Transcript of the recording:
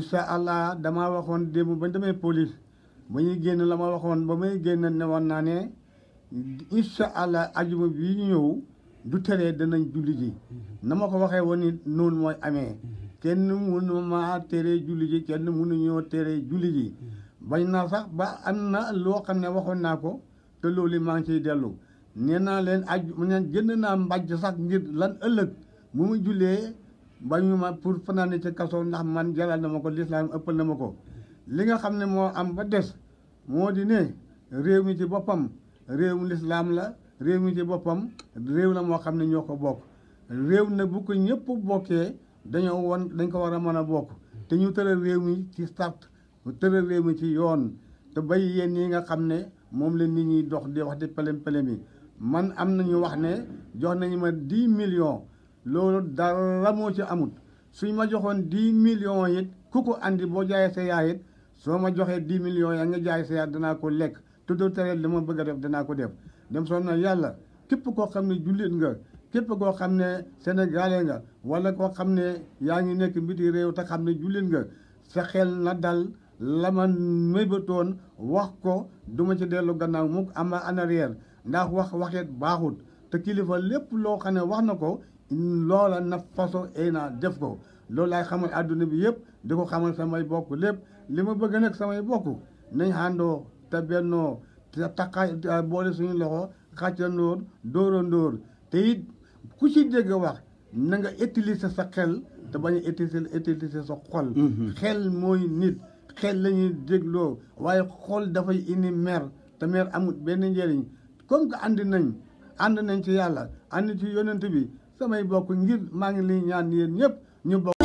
incha allah damaa waxoon démb ba damay demee police ba ñuy génn la ma waxoon ba may génn ne woon naa ne incha allah ajuma bii ñëw du teree danañ julli yi na ma ko waxee woon ni noonu mooy amee kenn mënu maa téere julli yi kenn mënu ñoo téere julli yi bañ naa sax ba am na loo xam ne waxoon naa ko te loolu maa ngi ciy dellu nee naa leen aju neen jënd naa mbàjj sax ngir lan ëllëg bu ma jullee ba ñu ma pour fanaane ci kaso ndax man jaral na ma ko lislaam ëppal na ma ko li nga xam ne moo am ba des moo di ne réew mi ci boppam réewum lislaam la réew mi ci boppam réew la moo xam ne ñoo ko bokk réew na bu ko ñëpp bokkee dañoo won dañ ko war a mën a bokk te ñu tëral réew mi ci sart tëral réew mi ci yoon te bay yéen yi nga xam ne moom la nit ñi dox di wax di pelem pelem yi man am na ñu wax ne jox nañu ma dix million loolu dara moo ci amut suñ ma joxoon dix millions it ku ko andi boo jaayee sa yaay it soo ma joxee dix millions yaa nga jaay sa yaay danaa ko lekk tudd tere li ma bëgg a def danaa ko def dem soo na yàlla képp koo xam ne jullit nga képp koo xam ne sénégalais nga wala koo xam ne yaa ngi nekk mbiti réew te xam ne jullit nga sa xel na dal la ma mébatoon wax ko duma ci dellu gannaaw mukk am en arrière ndax wax waxet baaxut te kilifa lépp loo xam ne wax na ko loola na façon ay na def ko loolu laay xamal àdduna bi yëpp di ko xamal samay bokk lépp li ma bëgg nag samay bokk nañ àndoo te bennoo te takka boole suñu loxo xàccandoor dóorandoor te it ku ci dégg wax na nga utiliser sa xel te bañ a utiliser utiliser sa xol mhm. xel mooy nit xel lañuy jégloo waaye xol dafay indi mer te mer amul benn njëriñ comme que andi nañ ànd nañ ci yàlla ànd ci yonent bi samay bokk ngir maa ngi li ñaan yéen ñëpp ñu bokk